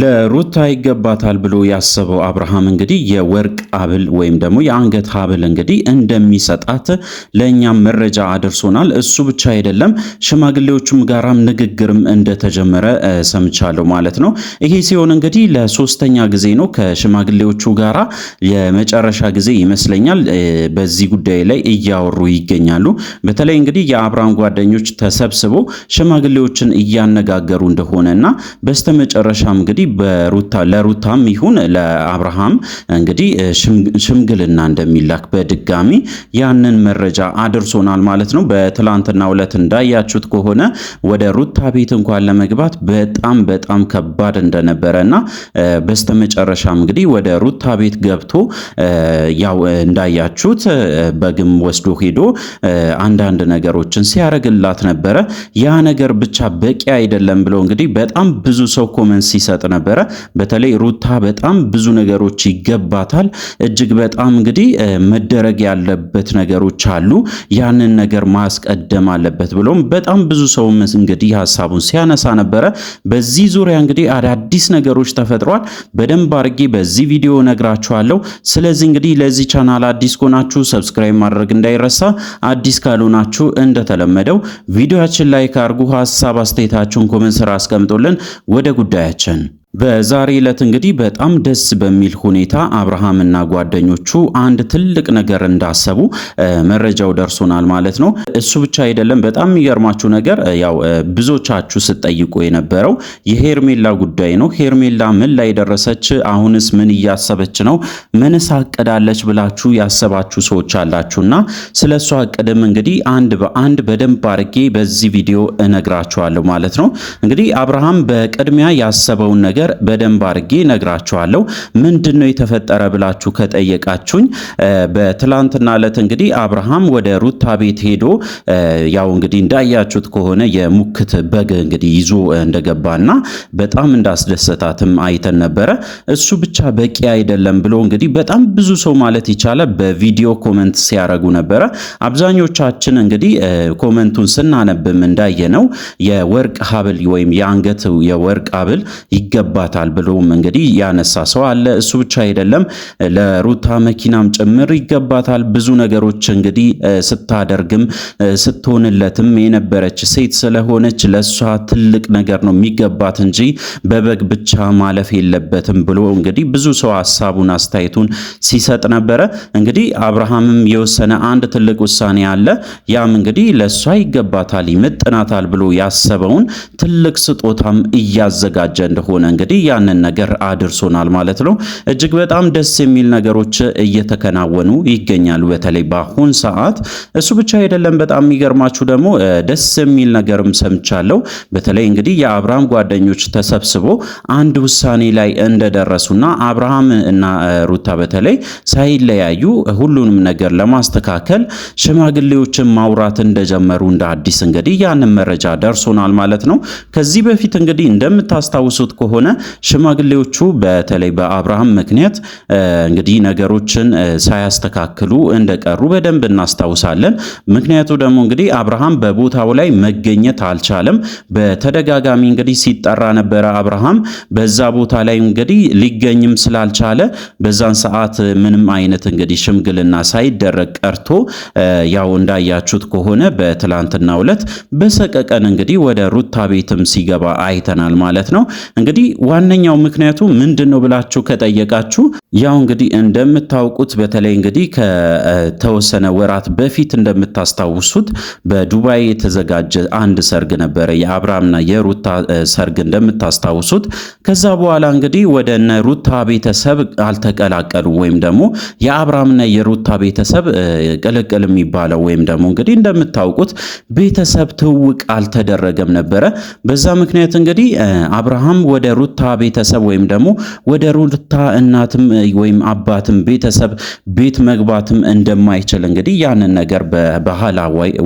ለሩታ ይገባታል ብሎ ያሰበው አብርሃም እንግዲህ የወርቅ ሀብል ወይም ደግሞ የአንገት ሀብል እንግዲህ እንደሚሰጣት ለእኛም መረጃ አድርሶናል። እሱ ብቻ አይደለም ሽማግሌዎቹም ጋራም ንግግርም እንደተጀመረ ሰምቻለሁ ማለት ነው። ይሄ ሲሆን እንግዲህ ለሶስተኛ ጊዜ ነው ከሽማግሌዎቹ ጋራ የመጨረሻ ጊዜ ይመስለኛል በዚህ ጉዳይ ላይ እያወሩ ይገኛሉ። በተለይ እንግዲህ የአብርሃም ጓደኞች ተሰብስበው ሽማግሌዎችን እያነጋገሩ እንደሆነ እና በስተመጨረሻም እንግዲህ እንግዲህ በሩታ ለሩታም ይሁን ለአብርሃም እንግዲህ ሽምግልና እንደሚላክ በድጋሚ ያንን መረጃ አድርሶናል ማለት ነው። በትላንትና ዕለት እንዳያችሁት ከሆነ ወደ ሩታ ቤት እንኳን ለመግባት በጣም በጣም ከባድ እንደነበረ እና በስተመጨረሻም እንግዲህ ወደ ሩታ ቤት ገብቶ ያው እንዳያችሁት በግም ወስዶ ሄዶ አንዳንድ ነገሮችን ሲያደርግላት ነበረ። ያ ነገር ብቻ በቂ አይደለም ብሎ እንግዲህ በጣም ብዙ ሰው ኮመንት ሲሰጥ ነበረ። በተለይ ሩታ በጣም ብዙ ነገሮች ይገባታል። እጅግ በጣም እንግዲህ መደረግ ያለበት ነገሮች አሉ። ያንን ነገር ማስቀደም አለበት ብሎም በጣም ብዙ ሰው እንግዲህ ሀሳቡን ሲያነሳ ነበረ። በዚህ ዙሪያ እንግዲህ አዳዲስ ነገሮች ተፈጥሯል። በደንብ አድርጌ በዚህ ቪዲዮ ነግራችኋለሁ። ስለዚህ እንግዲህ ለዚህ ቻናል አዲስ ከሆናችሁ ሰብስክራይብ ማድረግ እንዳይረሳ፣ አዲስ ካልሆናችሁ እንደተለመደው ቪዲዮችን ላይ ካርጉ ሀሳብ አስተያየታችሁን ኮመንት ስራ አስቀምጦልን ወደ ጉዳያችን በዛሬ ዕለት እንግዲህ በጣም ደስ በሚል ሁኔታ አብርሃምና ጓደኞቹ አንድ ትልቅ ነገር እንዳሰቡ መረጃው ደርሶናል ማለት ነው። እሱ ብቻ አይደለም። በጣም የሚገርማችሁ ነገር ያው ብዙዎቻችሁ ስትጠይቁ የነበረው የሄርሜላ ጉዳይ ነው። ሄርሜላ ምን ላይ ደረሰች? አሁንስ ምን እያሰበች ነው? ምንስ አቅዳለች ብላችሁ ያሰባችሁ ሰዎች አላችሁና ስለ እሷ አቅድም እንግዲህ አንድ በአንድ በደንብ አድርጌ በዚህ ቪዲዮ እነግራችኋለሁ ማለት ነው። እንግዲህ አብርሃም በቅድሚያ ያሰበውን ነገር በደንብ አድርጌ እነግራችኋለሁ። ምንድን ነው የተፈጠረ ብላችሁ ከጠየቃችሁኝ በትላንትና ዕለት እንግዲህ አብርሃም ወደ ሩታ ቤት ሄዶ ያው እንግዲህ እንዳያችሁት ከሆነ የሙክት በግ እንግዲህ ይዞ እንደገባና በጣም እንዳስደሰታትም አይተን ነበረ። እሱ ብቻ በቂ አይደለም ብሎ እንግዲህ በጣም ብዙ ሰው ማለት ይቻላል በቪዲዮ ኮመንት ሲያረጉ ነበረ። አብዛኞቻችን እንግዲህ ኮመንቱን ስናነብም እንዳየነው የወርቅ ሀብል ወይም የአንገት የወርቅ ሀብል ይገባታል ብሎም እንግዲህ ያነሳ ሰው አለ። እሱ ብቻ አይደለም ለሩታ መኪናም ጭምር ይገባታል ብዙ ነገሮች እንግዲህ ስታደርግም ስትሆንለትም የነበረች ሴት ስለሆነች ለእሷ ትልቅ ነገር ነው የሚገባት እንጂ በበግ ብቻ ማለፍ የለበትም ብሎ እንግዲህ ብዙ ሰው ሀሳቡን አስተያየቱን ሲሰጥ ነበረ። እንግዲህ አብርሃምም የወሰነ አንድ ትልቅ ውሳኔ አለ። ያም እንግዲህ ለእሷ ይገባታል፣ ይመጥናታል ብሎ ያሰበውን ትልቅ ስጦታም እያዘጋጀ እንደሆነ እንግዲህ ያንን ነገር አድርሶናል ማለት ነው። እጅግ በጣም ደስ የሚል ነገሮች እየተከናወኑ ይገኛሉ፣ በተለይ በአሁን ሰዓት። እሱ ብቻ አይደለም። በጣም የሚገርማችሁ ደግሞ ደስ የሚል ነገርም ሰምቻለሁ። በተለይ እንግዲህ የአብርሃም ጓደኞች ተሰብስቦ አንድ ውሳኔ ላይ እንደደረሱና አብርሃም እና ሩታ በተለይ ሳይለያዩ ሁሉንም ነገር ለማስተካከል ሽማግሌዎችን ማውራት እንደጀመሩ እንደ አዲስ እንግዲህ ያንን መረጃ ደርሶናል ማለት ነው። ከዚህ በፊት እንግዲህ እንደምታስታውሱት ከሆነ ሽማግሌዎቹ በተለይ በአብርሃም ምክንያት እንግዲህ ነገሮችን ሳያስተካክሉ እንደቀሩ በደንብ እናስታውሳለን ምክንያቱ ደግሞ እንግዲህ አብርሃም በቦታው ላይ መገኘት አልቻለም። በተደጋጋሚ እንግዲህ ሲጠራ ነበረ አብርሃም በዛ ቦታ ላይ እንግዲህ ሊገኝም ስላልቻለ በዛን ሰዓት ምንም አይነት እንግዲህ ሽምግልና ሳይደረግ ቀርቶ ያው እንዳያችሁት ከሆነ በትላንትና ዕለት በሰቀቀን እንግዲህ ወደ ሩታ ቤትም ሲገባ አይተናል ማለት ነው። እንግዲህ ዋነኛው ምክንያቱ ምንድን ነው ብላችሁ ከጠየቃችሁ ያው እንግዲህ እንደምታውቁት በተለይ እንግዲህ ከተወሰነ ወራት በፊት እንደምታስታውሱ ሲያጎርሱት በዱባይ የተዘጋጀ አንድ ሰርግ ነበረ፣ የአብርሃምና የሩታ ሰርግ እንደምታስታውሱት። ከዛ በኋላ እንግዲህ ወደ እነ ሩታ ቤተሰብ አልተቀላቀሉ ወይም ደግሞ የአብርሃምና የሩታ ቤተሰብ ቅልቅል የሚባለው ወይም ደግሞ እንግዲህ እንደምታውቁት ቤተሰብ ትውውቅ አልተደረገም ነበረ። በዛ ምክንያት እንግዲህ አብርሃም ወደ ሩታ ቤተሰብ ወይም ደግሞ ወደ ሩታ እናትም ወይም አባትም ቤተሰብ ቤት መግባትም እንደማይችል እንግዲህ ያንን ነገር በባህላ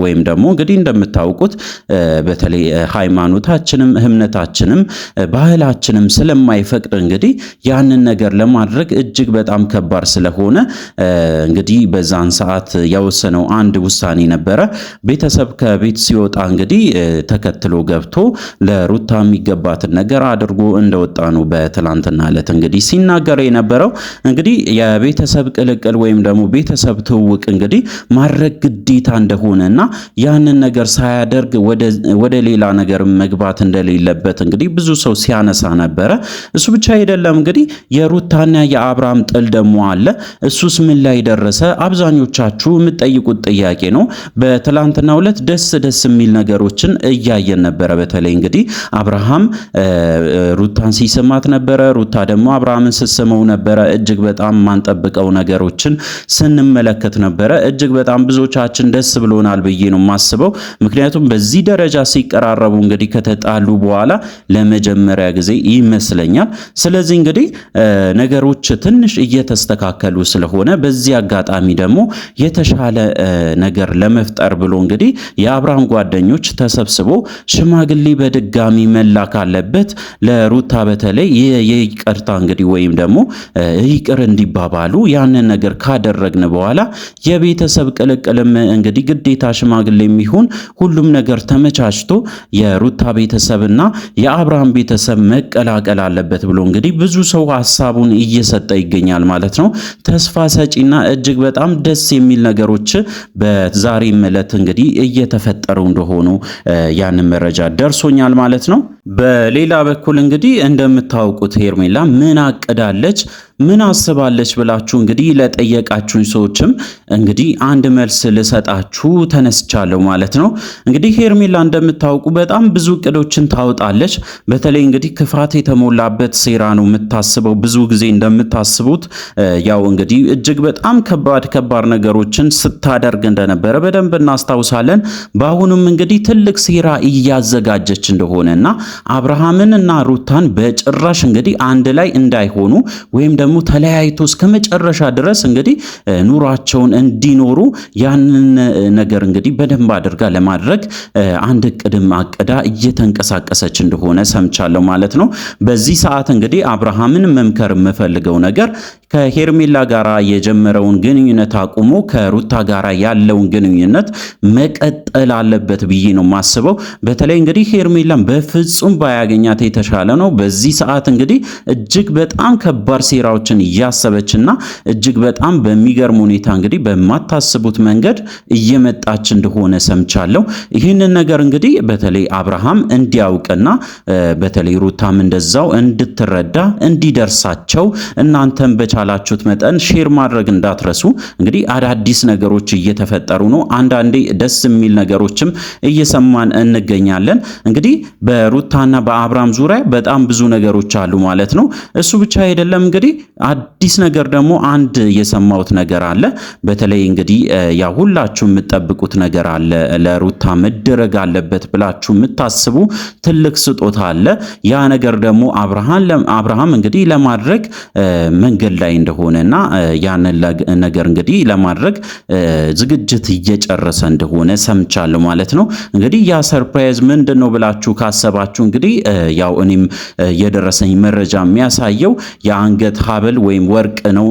ወይም ደግሞ እንግዲህ እንደምታውቁት በተለይ ሃይማኖታችንም እምነታችንም ባህላችንም ስለማይፈቅድ እንግዲህ ያንን ነገር ለማድረግ እጅግ በጣም ከባድ ስለሆነ እንግዲህ በዛን ሰዓት ያወሰነው አንድ ውሳኔ ነበረ። ቤተሰብ ከቤት ሲወጣ እንግዲህ ተከትሎ ገብቶ ለሩታ የሚገባትን ነገር አድርጎ እንደወጣ ነው በትላንትና ዕለት እንግዲህ ሲናገር የነበረው። እንግዲህ የቤተሰብ ቅልቅል ወይም ደግሞ ቤተሰብ ትውውቅ እንግዲህ ማድረግ ግዴታ እንደሆነ እንደሆነ ያንን ነገር ሳያደርግ ወደ ሌላ ነገር መግባት እንደሌለበት እንግዲህ ብዙ ሰው ሲያነሳ ነበረ። እሱ ብቻ አይደለም እንግዲህ የሩታና የአብርሃም ጥል ደግሞ አለ። እሱስ ምን ላይ ደረሰ? አብዛኞቻችሁ የምትጠይቁት ጥያቄ ነው። በትላንትና ሁለት ደስ ደስ የሚል ነገሮችን እያየን ነበረ። በተለይ እንግዲህ አብርሃም ሩታን ሲስማት ነበረ፣ ሩታ ደግሞ አብርሃምን ስትስመው ነበረ። እጅግ በጣም ማንጠብቀው ነገሮችን ስንመለከት ነበረ። እጅግ በጣም ብዙዎቻችን ደስ ብሎ ብሎናል ብዬ ነው የማስበው። ምክንያቱም በዚህ ደረጃ ሲቀራረቡ እንግዲህ ከተጣሉ በኋላ ለመጀመሪያ ጊዜ ይመስለኛል። ስለዚህ እንግዲህ ነገሮች ትንሽ እየተስተካከሉ ስለሆነ በዚህ አጋጣሚ ደግሞ የተሻለ ነገር ለመፍጠር ብሎ እንግዲህ የአብርሃም ጓደኞች ተሰብስቦ ሽማግሌ በድጋሚ መላክ አለበት ለሩታ በተለይ የይቅርታ እንግዲህ ወይም ደግሞ ይቅር እንዲባባሉ ያንን ነገር ካደረግን በኋላ የቤተሰብ ቅልቅልም እንግዲህ ግድ ግዴታ ሽማግሌ የሚሆን ሁሉም ነገር ተመቻችቶ የሩታ ቤተሰብና የአብርሃም ቤተሰብ መቀላቀል አለበት ብሎ እንግዲህ ብዙ ሰው ሀሳቡን እየሰጠ ይገኛል ማለት ነው። ተስፋ ሰጪና እጅግ በጣም ደስ የሚል ነገሮች በዛሬም ዕለት እንግዲህ እየተፈጠሩ እንደሆኑ ያንን መረጃ ደርሶኛል ማለት ነው። በሌላ በኩል እንግዲህ እንደምታውቁት ሄርሜላ ምን አቅዳለች? ምን አስባለች ብላችሁ እንግዲህ ለጠየቃችሁኝ ሰዎችም እንግዲህ አንድ መልስ ልሰጣችሁ ተነስቻለሁ ማለት ነው። እንግዲህ ሄርሜላ እንደምታውቁ በጣም ብዙ እቅዶችን ታወጣለች። በተለይ እንግዲህ ክፋት የተሞላበት ሴራ ነው የምታስበው። ብዙ ጊዜ እንደምታስቡት ያው እንግዲህ እጅግ በጣም ከባድ ከባድ ነገሮችን ስታደርግ እንደነበረ በደንብ እናስታውሳለን። በአሁኑም እንግዲህ ትልቅ ሴራ እያዘጋጀች እንደሆነ እና አብርሃምን እና ሩታን በጭራሽ እንግዲህ አንድ ላይ እንዳይሆኑ ወይም ደግሞ ተለያይቶ እስከ መጨረሻ ድረስ እንግዲህ ኑሯቸውን እንዲኖሩ ያንን ነገር እንግዲህ በደንብ አድርጋ ለማድረግ አንድ ቅድም አቅዳ እየተንቀሳቀሰች እንደሆነ ሰምቻለሁ ማለት ነው። በዚህ ሰዓት እንግዲህ አብርሃምን መምከር የምፈልገው ነገር ከሄርሜላ ጋር የጀመረውን ግንኙነት አቁሞ ከሩታ ጋር ያለውን ግንኙነት መቀጠል አለበት ብዬ ነው የማስበው። በተለይ እንግዲህ ሄርሜላን በፍጹም ባያገኛት የተሻለ ነው። በዚህ ሰዓት እንግዲህ እጅግ በጣም ከባድ ሴራ ስራዎችን እያሰበችና እጅግ በጣም በሚገርም ሁኔታ እንግዲህ በማታስቡት መንገድ እየመጣች እንደሆነ ሰምቻለሁ። ይህንን ነገር እንግዲህ በተለይ አብርሃም እንዲያውቅና በተለይ ሩታም እንደዛው እንድትረዳ እንዲደርሳቸው እናንተም በቻላችሁት መጠን ሼር ማድረግ እንዳትረሱ። እንግዲህ አዳዲስ ነገሮች እየተፈጠሩ ነው። አንዳንዴ ደስ የሚል ነገሮችም እየሰማን እንገኛለን። እንግዲህ በሩታና በአብርሃም ዙሪያ በጣም ብዙ ነገሮች አሉ ማለት ነው። እሱ ብቻ አይደለም እንግዲህ አዲስ ነገር ደግሞ አንድ የሰማሁት ነገር አለ። በተለይ እንግዲህ ያ ሁላችሁ የምትጠብቁት ነገር አለ፣ ለሩታ መደረግ አለበት ብላችሁ የምታስቡ ትልቅ ስጦታ አለ። ያ ነገር ደግሞ አብርሃም እንግዲህ ለማድረግ መንገድ ላይ እንደሆነ እና ያንን ነገር እንግዲህ ለማድረግ ዝግጅት እየጨረሰ እንደሆነ ሰምቻለሁ ማለት ነው። እንግዲህ ያ ሰርፕራይዝ ምንድን ነው ብላችሁ ካሰባችሁ እንግዲህ ያው እኔም የደረሰኝ መረጃ የሚያሳየው የአንገት ሀብል ወይም ወርቅ ነው።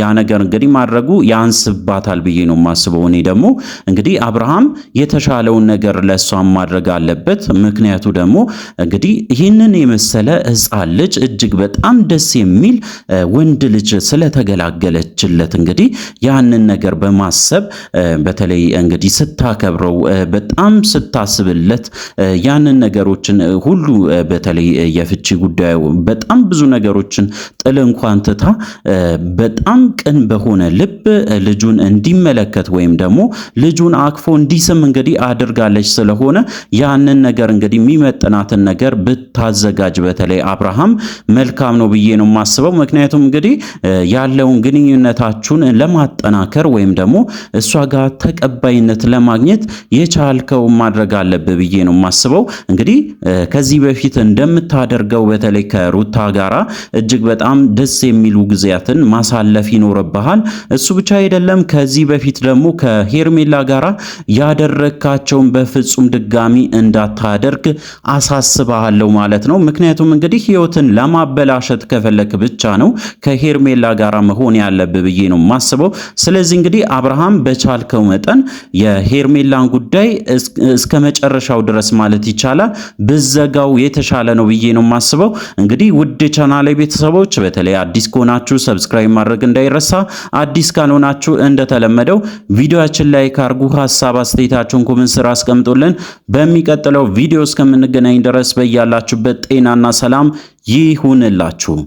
ያ ነገር እንግዲህ ማድረጉ ያንስባታል ብዬ ነው የማስበው። እኔ ደግሞ እንግዲህ አብርሃም የተሻለውን ነገር ለእሷን ማድረግ አለበት። ምክንያቱ ደግሞ እንግዲህ ይህንን የመሰለ ህፃን ልጅ እጅግ በጣም ደስ የሚል ወንድ ልጅ ስለተገላገለችለት እንግዲህ ያንን ነገር በማሰብ በተለይ እንግዲህ ስታከብረው በጣም ስታስብለት ያንን ነገሮችን ሁሉ በተለይ የፍቺ ጉዳዩ በጣም ብዙ ነገሮችን ጥል እንኳ እንኳን ትታ በጣም ቅን በሆነ ልብ ልጁን እንዲመለከት ወይም ደግሞ ልጁን አቅፎ እንዲስም እንግዲህ አድርጋለች። ስለሆነ ያንን ነገር እንግዲህ የሚመጥናትን ነገር ብታዘጋጅ በተለይ አብርሃም መልካም ነው ብዬ ነው የማስበው። ምክንያቱም እንግዲህ ያለውን ግንኙነታችሁን ለማጠናከር ወይም ደግሞ እሷ ጋር ተቀባይነት ለማግኘት የቻልከው ማድረግ አለብ ብዬ ነው የማስበው። እንግዲህ ከዚህ በፊት እንደምታደርገው በተለይ ከሩታ ጋራ እጅግ በጣም ደስ የሚሉ ጊዜያትን ማሳለፍ ይኖርብሃል። እሱ ብቻ አይደለም፣ ከዚህ በፊት ደግሞ ከሄርሜላ ጋራ ያደረግካቸውን በፍጹም ድጋሚ እንዳታደርግ አሳስባለሁ ማለት ነው። ምክንያቱም እንግዲህ ህይወትን ለማበላሸት ከፈለክ ብቻ ነው ከሄርሜላ ጋራ መሆን ያለብህ ብዬ ነው የማስበው። ስለዚህ እንግዲህ አብርሃም በቻልከው መጠን የሄርሜላን ጉዳይ እስከ መጨረሻው ድረስ ማለት ይቻላል ብዘጋው የተሻለ ነው ብዬ ነው የማስበው። እንግዲህ ውድ ቻናሌ ቤተሰቦች በተለይ አዲስ ከሆናችሁ ሰብስክራይብ ማድረግ እንዳይረሳ። አዲስ ካልሆናችሁ እንደተለመደው ቪዲዮአችን ላይ ካርጉ ሀሳብ አስተያየታችሁን ኮሜንት ስራ አስቀምጡልን። በሚቀጥለው ቪዲዮ እስከምንገናኝ ድረስ በያላችሁበት ጤናና ሰላም ይሁንላችሁ።